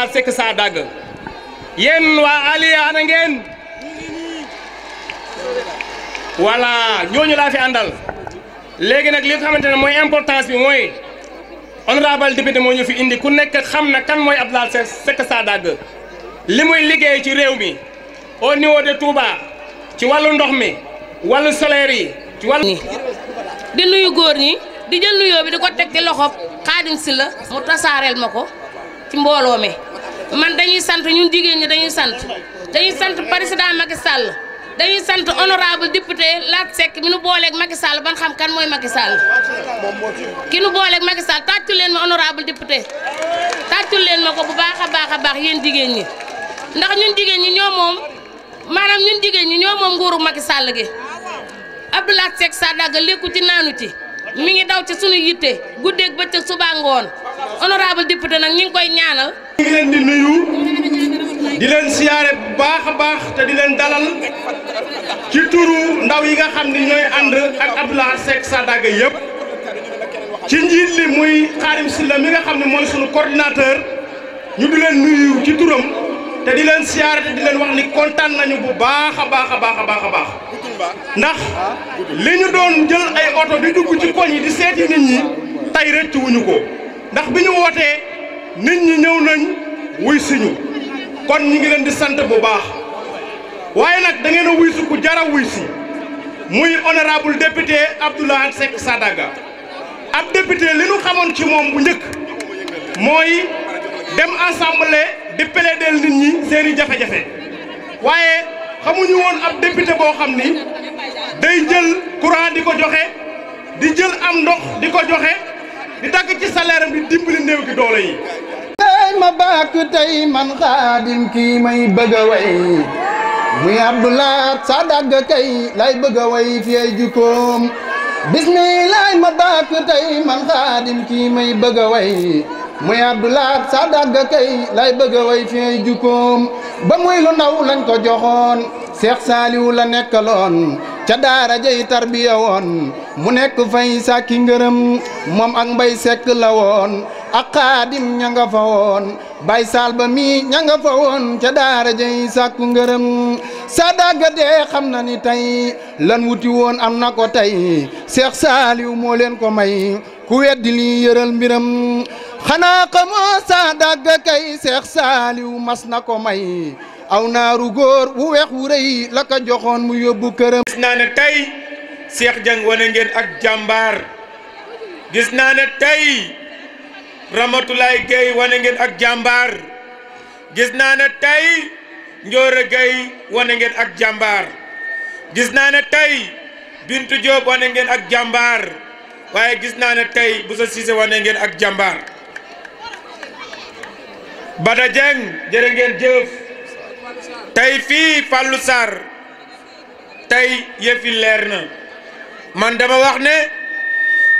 Matar Seck saa dagg waa Aliya ana ngeen ñooñu laa fi léegi nag li nga xamante ne mooy importance bi mooy honorable député moo ñu fi indi ku nekk xam na kan mooy Abdoulaye Seck Seck saa dagg li muy liggéey ci réew mi au niveau de Touba ci wàllu ndox mi wàllu solaire yi ci wàllu. di nuyu góor ñi di jël nuyoo di ko teg ci loxo Xaadim sila la mu tasaareel ma ko ci mbooloo mi. man dañuy sant ñun jigéen ñi dañuy sant dañuy sant président Macky Sall dañuy sant honorable député Lat Seck mi nu booleek Macky Sall ban xam kan mooy Macky Sall ki nu booleeg Macky Sall tàccul leen ma honorable député tàccul leen ma ko bu baax a baax a baax yéen jigéen ñi ndax ñun jigéen ñi ñoo moom maanaam ñun jigéen ñi ñoo moom nguuru Macky Sall gi Abdou saa dagg Sadaga lekku ci naanu ci mi ngi daw ci sunu yitte guddeeg bëccëg suba ngoon honorable député nag ñi koy ñaanal ñu ngi di nuyu di bu baax a baax te di leen dalal ci turu ndaw yi nga xam ni ñooy ànd ak Abdoulaye Seck Sadaga yëpp ci njiit li muy Xaarim Silla mi nga xam ne mooy sunu coordinateur ñu di leen nuyu ci turam te di leen siyaare te di leen wax ni kontaan nañu bu baax a baax a baax a baax baax ndax li ñu doon jël ay oto di dugg ci koñ yi di seeti nit ñi tey rëcc wuñu ko ndax bi ñu wootee nit ñi ñëw nañ wuy siñu kon ñi ngi leen di sant bu baax waaye nag da ngeen a wuy si ku jara wuy si muy honorable député Abdoulaye Seck ab député li nu xamoon ci moom bu njëkk mooy dem assemblée di plaider nit ñi seeni jafe-jafe waaye xamuñu woon ab député boo xam ni day jël courant di ko joxe di jël am ndox di ko joxe di dagg ci salaire am di dimbali néew gi doole yi ma bàkk tey man xaadim kii may muy abdulaat sa dagg kay lay bëgg a way fi ay jukkoom bismilaay ma bàkk tey man xaadim kii may bëgg a way muy abdulaat sa dagg kay lay bëgg a way fi ay jukkoom ba muy lu ndaw lañ ko joxoon seex saaliw la nekkaloon ca daara jay tarbiya woon mu nekk fay sàkki ngërëm moom ak mbay sekk la woon ak xaadim ña nga fa woon bay saal ba mii ña nga fa woon ca daara jey ngërëm sa daggadee xam na ni tey lan wuti woon am na ko tey Seex Saaliw moo leen ko may ku weddi lii yëral mbiram xanaa xamoo sa kay Seex Saaliw mas na ko may aw naaru góor wu weex wu rëy la joxoon mu yóbbu këram gis naa ne tey Seex Jang wane ngeen ak jàmbar gis naa ne tey Ramotulai gay wane ngeen ak jambar gis naa ne tey Ndiora gay wane ngeen ak jambar gis naa ne Bintu job wane ngeen ak jambar waye gis naa tay bu Bousso wane ngeen ak jambar Bada jeng jere ngeen jeuf tay fi fallu sar tay yefi lerna man dama wax ne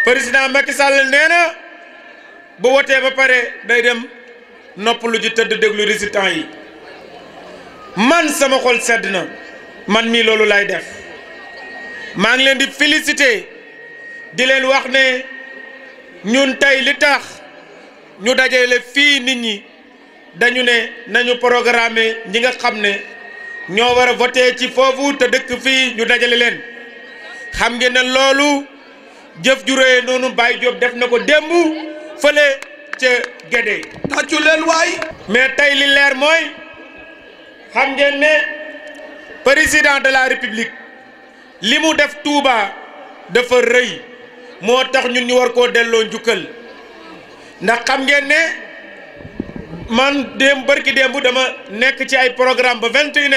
president Macky Sall neena bu wotee ba pare day dem noppalu ji tëdd déglu résultat yi man sama xol sedd na man mii loolu laay def maa ngi leen di féliciter di leen wax ne ñun tey li tax ñu dajale fii nit ñi dañu ne nañu programme ñi nga xam ne ñoo war a voter ci foofu te dëkk fii ñu dajale leen xam ngeen ne loolu jëf ju réy noonu Baye Diop def na ko démb fële ca Gédé. tàccu leen waay. mais tey li leer mooy xam ngeen ne président de la république li mu def Touba dafa rëy moo tax ñun ñu war koo delloo njukkal ndax xam ngeen ne man démb barki démb dama nekk ci ay programme ba vingt et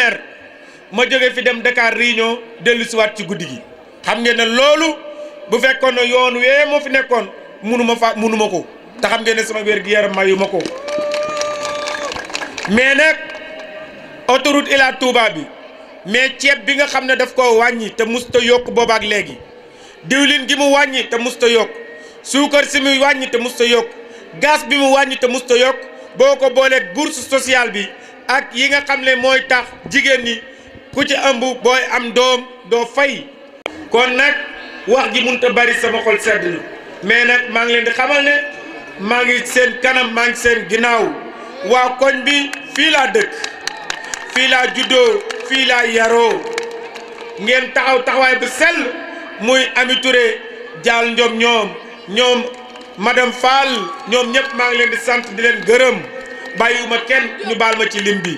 ma jóge fi dem Dakar réunion dellusiwaat ci guddi gi xam ngeen ne loolu bu fekkoon ne yoon wee moo fi nekkoon. munuma fa munuma ko te xam ngeen ne sama wér gi yaram mayu ma ko mais nag autoroute Ila Touba bi mais ceeb bi nga xam ne daf koo wàññi te musta yokk boobaak léegi diwlin gi mu wàññi te musta yokk suukar si mu wàññi te musta yokk gaz bi mu wàññi te musta yokk boo ko booleeg bourse sociale bi ak yi nga xam ne mooy tax jigéen ñi ku ci ëmb booy am doom doo fay kon nag wax ji mënut a bari sama xol sedd na mais nag maa ngi leen di xamal ne maa ngi seen kanam maa ngi seen ginnaaw waa koñ bi fii laa dëkk fii laa juddoo fii laa yaroo ngeen taxaw taxawaay bu sell muy Ami Touré jaal njom ñoom ñoom madame Fall ñoom ñëpp maa ngi leen di sant di leen gërëm bàyyiwuma kenn ñu baal ma ci lim bi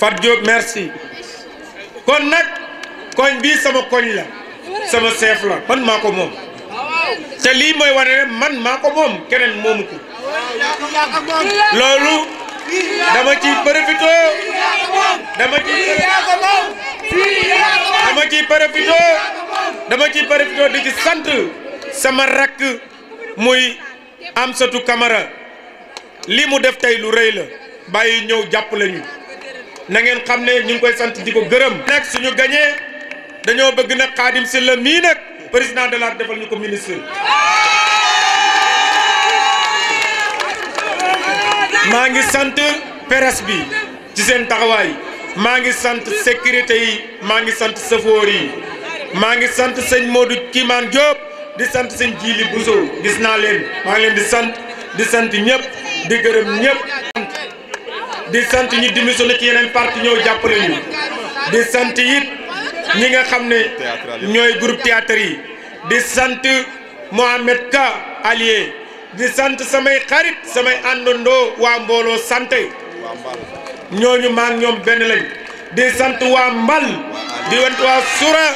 Fat Diop merci kon nag koñ bii sama koñ la sama chef la man maa ko moom te lii mooy wane ne man maa ko moom keneen moomu ko loolu dama ci profito dama ci dama ci profito dama ci profito di ci sant sama rakk muy Amsatou Camara lii mu def tey lu rëy la bàyyi ñëw jàpp ñu na ngeen xam ne ñu ngi koy sant di ko gërëm nag suñu gañee dañoo bëgg nag Xaadim Sylla mii nag président de la defal ñu ko ministre maa ngi sant presse bi ci seen taxawaay maa ngi sant sécurité yi maa ngi sant safoor yi maa ngi sant sëñ Modou kiimaan Diop di sant sëñ Jili Bousso gis naa leen maa ngi leen di sant di sant ñëpp di gërëm ñëpp di sant ñi démissionné yeneen parti ñëw jàppale di sant it ñi nga xamné ñoy groupe théâtre yi di sante mohammed Ka Allié di sante samay xarit samay wa mbolo sante santé ñooñu maa ñom ben lañ di sante wa Mbal di sant wa Soura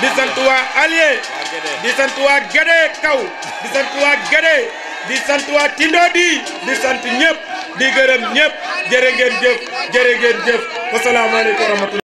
di sante wa Allié di sante wa Gédé Kaw di sante wa Gédé di sante wa Tindodi di sante ñep di gërëm ñep jërë ngeen jëf jërë ngeen jëf assalamu alaykum